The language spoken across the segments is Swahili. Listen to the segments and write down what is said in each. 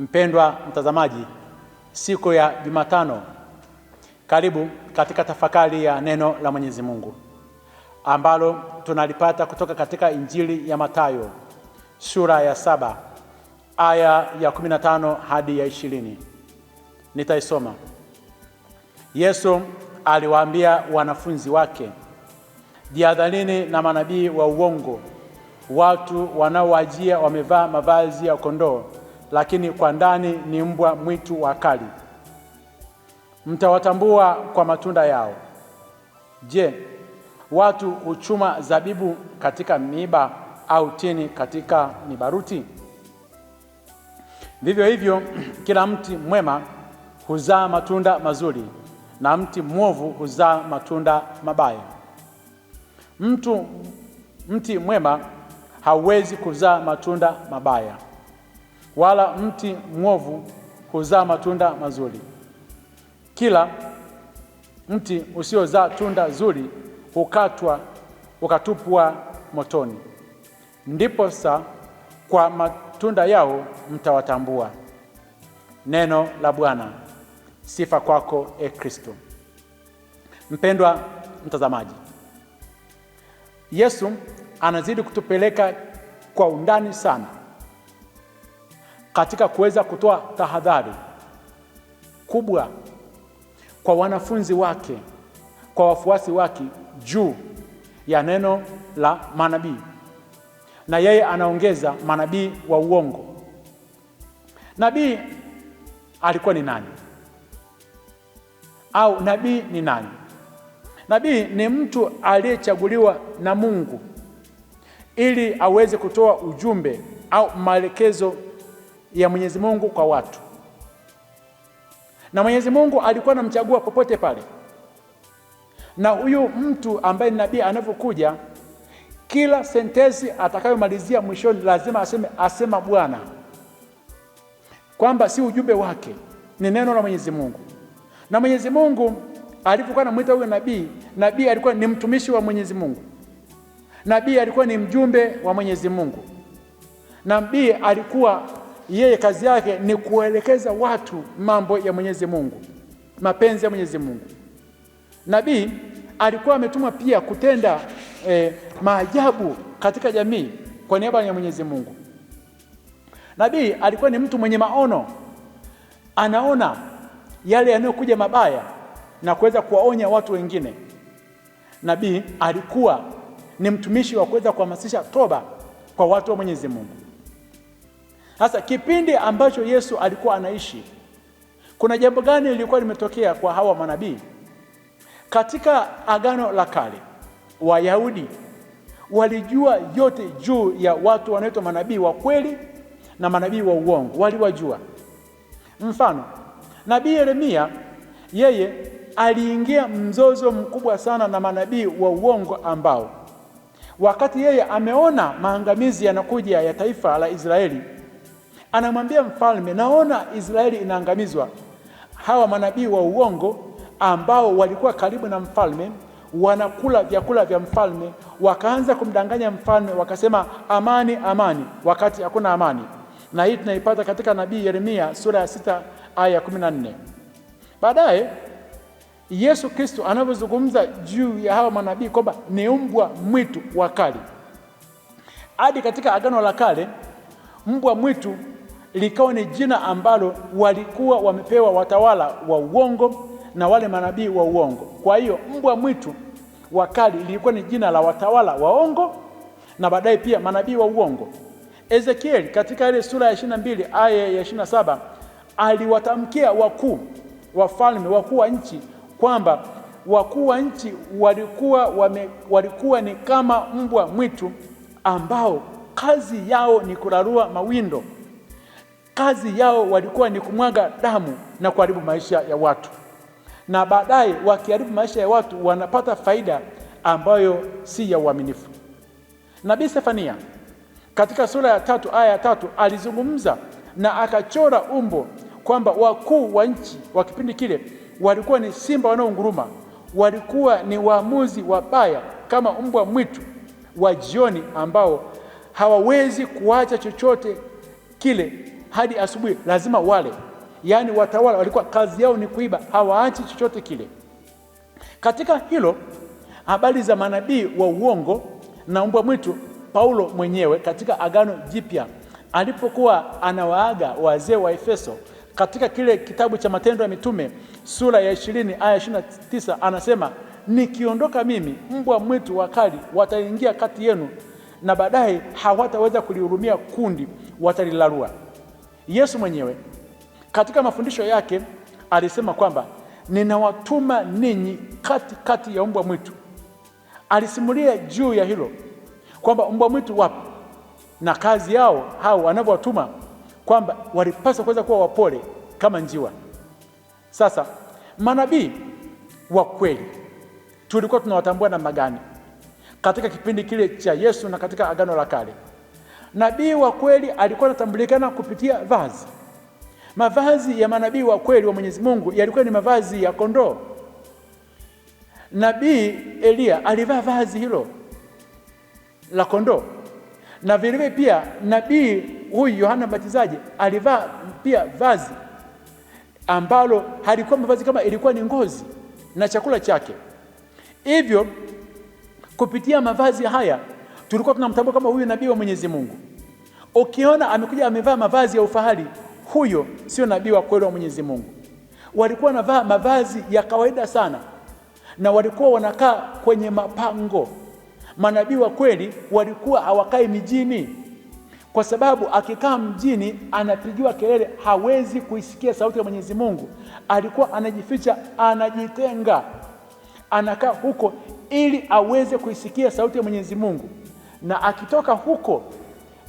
Mpendwa mtazamaji, siku ya Jumatano, karibu katika tafakari ya neno la Mwenyezi Mungu ambalo tunalipata kutoka katika Injili ya Mathayo sura ya saba aya ya 15 hadi ya ishirini. Nitaisoma. Yesu aliwaambia wanafunzi wake, jihadharini na manabii wa uongo, watu wanaowajia wamevaa mavazi ya kondoo lakini kwa ndani ni mbwa mwitu wakali. Mtawatambua kwa matunda yao. Je, watu huchuma zabibu katika miiba au tini katika mibaruti? Vivyo hivyo kila mti mwema huzaa matunda mazuri na mti mwovu huzaa matunda mabaya. Mtu mti mwema hauwezi kuzaa matunda mabaya wala mti mwovu huzaa matunda mazuri. Kila mti usiozaa tunda zuri hukatwa ukatupwa motoni. Ndipo sa kwa matunda yao mtawatambua. Neno la Bwana. Sifa kwako e Kristo. Mpendwa mtazamaji, Yesu anazidi kutupeleka kwa undani sana katika kuweza kutoa tahadhari kubwa kwa wanafunzi wake, kwa wafuasi wake juu ya neno la manabii, na yeye anaongeza manabii wa uongo. Nabii alikuwa ni nani? Au nabii ni nani? Nabii ni mtu aliyechaguliwa na Mungu ili aweze kutoa ujumbe au maelekezo ya Mwenyezi Mungu kwa watu, na Mwenyezi Mungu alikuwa anamchagua popote pale. Na huyu mtu ambaye nabii anavyokuja, kila sentensi atakayomalizia mwishoni lazima aseme asema Bwana, kwamba si ujumbe wake, ni neno la Mwenyezi Mungu. Na Mwenyezi Mungu alipokuwa anamwita huyo nabii, nabii alikuwa ni mtumishi wa Mwenyezi Mungu, nabii alikuwa ni mjumbe wa Mwenyezi Mungu, nabii alikuwa yeye kazi yake ni kuelekeza watu mambo ya Mwenyezi Mungu, mapenzi ya Mwenyezi Mungu. Nabii alikuwa ametumwa pia kutenda eh, maajabu katika jamii kwa niaba ya Mwenyezi Mungu. Nabii alikuwa ni mtu mwenye maono, anaona yale yanayokuja mabaya na kuweza kuwaonya watu wengine. Nabii alikuwa ni mtumishi wa kuweza kuhamasisha toba kwa watu wa Mwenyezi Mungu. Sasa kipindi ambacho Yesu alikuwa anaishi, kuna jambo gani lilikuwa limetokea kwa hawa manabii? Katika Agano la Kale, Wayahudi walijua yote juu ya watu wanaoitwa manabii wa kweli na manabii wa uongo, waliwajua. Mfano, nabii Yeremia yeye aliingia mzozo mkubwa sana na manabii wa uongo ambao wakati yeye ameona maangamizi yanakuja ya taifa la Israeli Anamwambia mfalme, naona Israeli inaangamizwa. Hawa manabii wa uongo ambao walikuwa karibu na mfalme wanakula vyakula vya mfalme, wakaanza kumdanganya mfalme, wakasema amani, amani, wakati hakuna amani. Na hii tunaipata katika nabii Yeremia sura ya sita aya ya kumi na nne. Baadaye Yesu Kristo anavyozungumza juu ya hawa manabii kwamba ni mbwa mwitu wakali, hadi katika Agano la Kale mbwa mwitu likawa ni jina ambalo walikuwa wamepewa watawala wa uongo na wale manabii wa uongo. Kwa hiyo mbwa mwitu wakali lilikuwa ni jina la watawala waongo na baadaye pia manabii wa uongo. Ezekieli katika ile sura ya 22 aya ya 27 aliwatamkia wakuu, wafalme, wakuu wa nchi kwamba wakuu wa nchi walikuwa, wame, walikuwa ni kama mbwa mwitu ambao kazi yao ni kurarua mawindo. Kazi yao walikuwa ni kumwaga damu na kuharibu maisha ya watu, na baadaye wakiharibu maisha ya watu wanapata faida ambayo si ya uaminifu. Nabii Sefania katika sura ya tatu aya ya tatu alizungumza na akachora umbo kwamba wakuu wa nchi wa kipindi kile walikuwa ni simba wanaonguruma, walikuwa ni waamuzi wabaya kama mbwa mwitu wa jioni ambao hawawezi kuacha chochote kile hadi asubuhi, lazima wale. Yaani watawala walikuwa kazi yao ni kuiba, hawaachi chochote kile. Katika hilo, habari za manabii wa uongo na mbwa mwitu, Paulo mwenyewe katika Agano Jipya alipokuwa anawaaga wazee wa Efeso katika kile kitabu cha Matendo ya Mitume sura ya 20 aya 29 anasema, nikiondoka mimi mbwa mwitu wakali wataingia kati yenu, na baadaye hawataweza kulihurumia kundi, watalilarua. Yesu mwenyewe katika mafundisho yake alisema kwamba ninawatuma ninyi kati kati ya mbwa mwitu. Alisimulia juu ya hilo kwamba mbwa mwitu wapo na kazi yao hao wanavyowatuma, kwamba walipaswa kuweza kuwa wapole kama njiwa. Sasa manabii wa kweli tulikuwa tunawatambua namna gani katika kipindi kile cha Yesu na katika Agano la Kale? Nabii wa kweli alikuwa anatambulikana kupitia vazi. Mavazi ya manabii wa kweli wa Mwenyezi Mungu yalikuwa ni mavazi ya kondoo. Nabii Eliya alivaa vazi hilo la kondoo, na vilevile pia nabii huyu Yohana Mbatizaji alivaa pia vazi ambalo halikuwa mavazi kama, ilikuwa ni ngozi na chakula chake. Hivyo kupitia mavazi haya tulikuwa tunamtambua kama huyu nabii wa Mwenyezi Mungu. Ukiona amekuja amevaa mavazi ya ufahari, huyo sio nabii wa kweli wa Mwenyezi Mungu. Walikuwa wanavaa mavazi ya kawaida sana, na walikuwa wanakaa kwenye mapango. Manabii wa kweli walikuwa hawakai mijini, kwa sababu akikaa mjini anapigiwa kelele, hawezi kuisikia sauti ya Mwenyezi Mungu. Alikuwa anajificha, anajitenga, anakaa huko ili aweze kuisikia sauti ya Mwenyezi Mungu na akitoka huko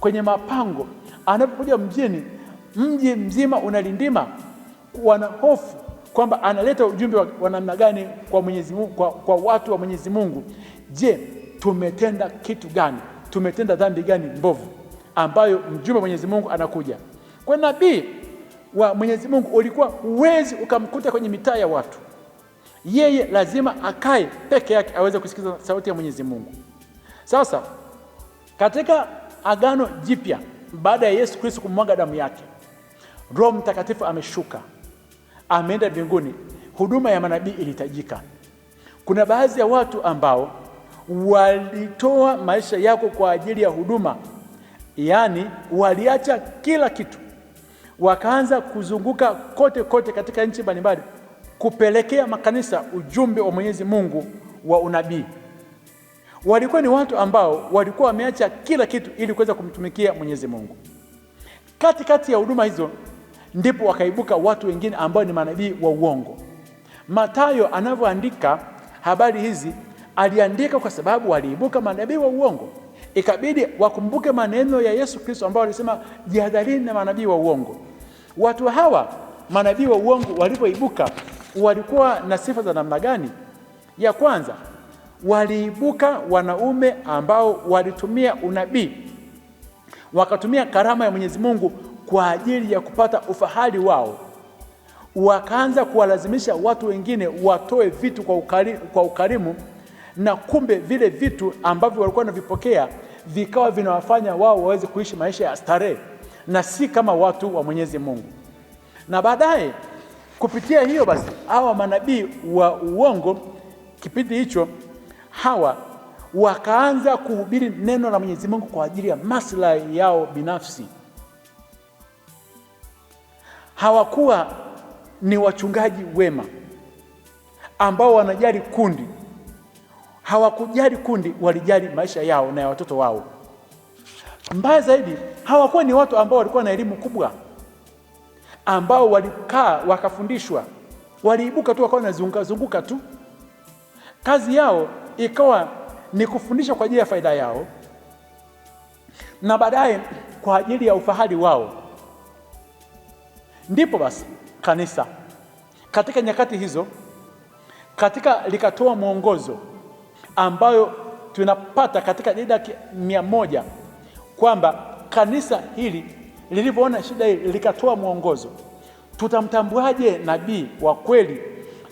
kwenye mapango anapokuja mjini, mji mzima unalindima, wana hofu kwamba analeta ujumbe wa namna gani kwa Mwenyezi Mungu, kwa, kwa watu wa Mwenyezi Mungu. Je, tumetenda kitu gani? Tumetenda dhambi gani mbovu ambayo mjumbe wa Mwenyezi Mungu anakuja kwa nabii wa Mwenyezi Mungu? Ulikuwa huwezi ukamkuta kwenye mitaa ya watu, yeye lazima akae peke yake aweze kusikiza sauti ya Mwenyezi Mungu. Sasa katika Agano Jipya, baada ya Yesu Kristo kumwaga damu yake, Roho Mtakatifu ameshuka, ameenda mbinguni, huduma ya manabii ilihitajika. Kuna baadhi ya watu ambao walitoa maisha yako kwa ajili ya huduma, yaani waliacha kila kitu, wakaanza kuzunguka kote kote katika nchi mbalimbali kupelekea makanisa ujumbe wa Mwenyezi Mungu wa unabii walikuwa ni watu ambao walikuwa wameacha kila kitu ili kuweza kumtumikia Mwenyezi Mungu. Kati kati ya huduma hizo ndipo wakaibuka watu wengine ambao ni manabii wa uongo. Mathayo anavyoandika habari hizi aliandika kwa sababu waliibuka manabii wa uongo, ikabidi wakumbuke maneno ya Yesu Kristo ambao alisema, jihadharini na manabii wa uongo. Watu hawa manabii wa uongo walipoibuka walikuwa na sifa za namna gani? Ya kwanza waliibuka wanaume ambao walitumia unabii, wakatumia karama ya Mwenyezi Mungu kwa ajili ya kupata ufahari wao, wakaanza kuwalazimisha watu wengine watoe vitu kwa ukarimu, kwa ukarimu na kumbe vile vitu ambavyo walikuwa wanavipokea vikawa vinawafanya wao waweze kuishi maisha ya starehe na si kama watu wa Mwenyezi Mungu. Na baadaye kupitia hiyo basi hawa manabii wa uongo kipindi hicho hawa wakaanza kuhubiri neno la Mwenyezi Mungu kwa ajili ya maslahi yao binafsi. Hawakuwa ni wachungaji wema ambao wanajali kundi, hawakujali kundi, walijali maisha yao na ya watoto wao. Mbaya zaidi, hawakuwa ni watu ambao walikuwa na elimu kubwa, ambao walikaa wakafundishwa, waliibuka tu wakawa wanazunguka zunguka tu. Kazi yao ikawa ni kufundisha kwa ajili ya faida yao na baadaye kwa ajili ya ufahari wao. Ndipo basi kanisa katika nyakati hizo katika likatoa mwongozo ambayo tunapata katika dida mia moja kwamba kanisa hili lilivyoona shida hili likatoa mwongozo. Tutamtambuaje nabii wa kweli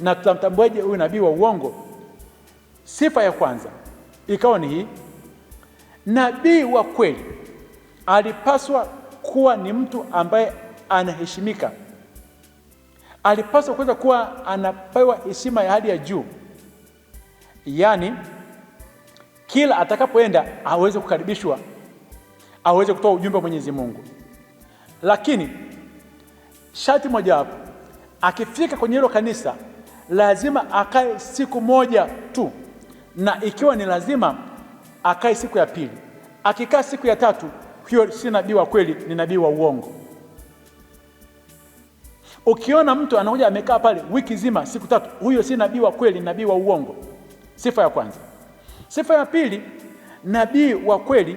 na tutamtambuaje huyu nabii wa uongo? Sifa ya kwanza ikawa ni hii: nabii wa kweli alipaswa kuwa ni mtu ambaye anaheshimika, alipaswa kuweza kuwa anapewa heshima ya hali ya juu, yaani kila atakapoenda aweze kukaribishwa, aweze kutoa ujumbe wa Mwenyezi Mungu. Lakini sharti mojawapo, akifika kwenye hilo kanisa lazima akae siku moja tu na ikiwa ni lazima akae siku ya pili. Akikaa siku ya tatu, huyo si nabii wa kweli, ni nabii wa uongo. Ukiona mtu anakuja amekaa pale wiki zima, siku tatu, huyo si nabii wa kweli, ni nabii wa uongo. Sifa ya kwanza. Sifa ya pili, nabii wa kweli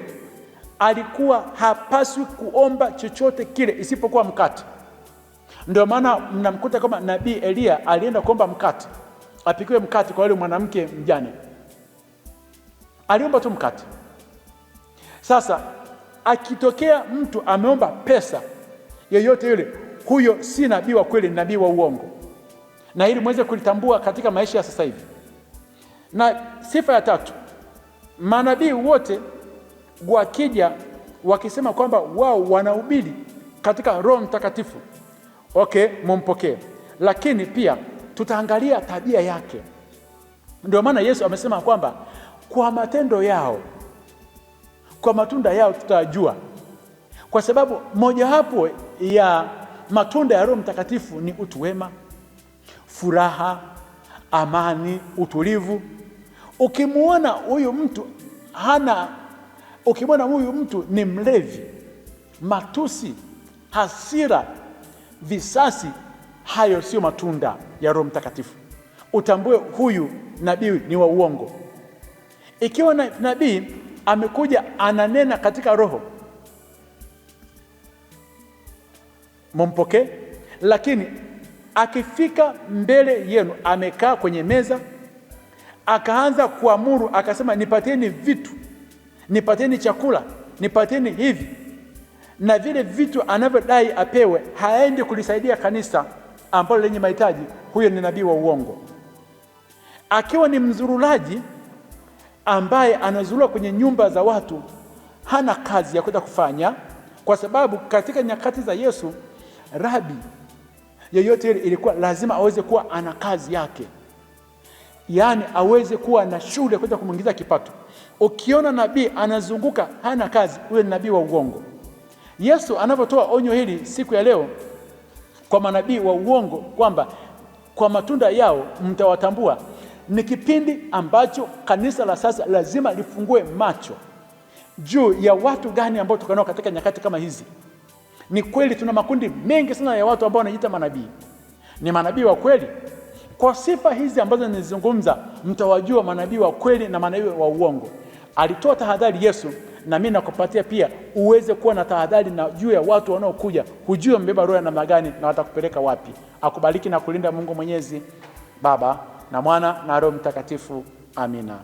alikuwa hapaswi kuomba chochote kile isipokuwa mkate. Ndio maana mnamkuta kama nabii Eliya alienda kuomba mkate, apikiwe mkate kwa yule mwanamke mjane aliomba tu mkate. Sasa akitokea mtu ameomba pesa yoyote yule, huyo si nabii wa kweli, ni nabii wa uongo, na ili mweze kulitambua katika maisha ya sasa hivi. Na sifa ya tatu, manabii wote wakija wakisema kwamba wao wanahubiri katika Roho Mtakatifu, okay, mumpokee, lakini pia tutaangalia tabia yake. Ndio maana Yesu amesema kwamba kwa matendo yao, kwa matunda yao tutajua, kwa sababu mojawapo ya matunda ya Roho Mtakatifu ni utu wema, furaha, amani, utulivu. Ukimwona huyu mtu hana, ukimwona huyu mtu ni mlevi, matusi, hasira, visasi, hayo sio matunda ya Roho Mtakatifu. Utambue huyu nabii ni wa uongo. Ikiwa nabii amekuja ananena katika roho, mumpokee. Lakini akifika mbele yenu, amekaa kwenye meza, akaanza kuamuru, akasema, nipateni vitu, nipateni chakula, nipateni hivi na vile vitu anavyodai apewe, haendi kulisaidia kanisa ambalo lenye mahitaji, huyo ni nabii wa uongo. Akiwa ni mzurulaji ambaye anazuliwa kwenye nyumba za watu hana kazi ya kwenda kufanya, kwa sababu katika nyakati za Yesu rabi yeyote ile ilikuwa lazima aweze kuwa ana kazi yake, yaani aweze kuwa na shule ya kuweza kumwingiza kipato. Ukiona nabii anazunguka hana kazi, huyo ni nabii wa uongo. Yesu anapotoa onyo hili siku ya leo kwa manabii wa uongo kwamba kwa matunda yao mtawatambua, ni kipindi ambacho kanisa la sasa lazima lifungue macho juu ya watu gani ambao tuko nao katika nyakati kama hizi. Ni kweli tuna makundi mengi sana ya watu ambao wanajiita manabii. Ni manabii wa kweli? Kwa sifa hizi ambazo nilizungumza, mtawajua manabii wa kweli na manabii wa uongo. Alitoa tahadhari Yesu, na mimi nakupatia pia uweze kuwa na tahadhari na juu ya watu wanaokuja. Hujui wamebeba roho ya namna gani na watakupeleka wapi. Akubariki na kulinda Mungu Mwenyezi, Baba na Mwana na Roho Mtakatifu. Amina.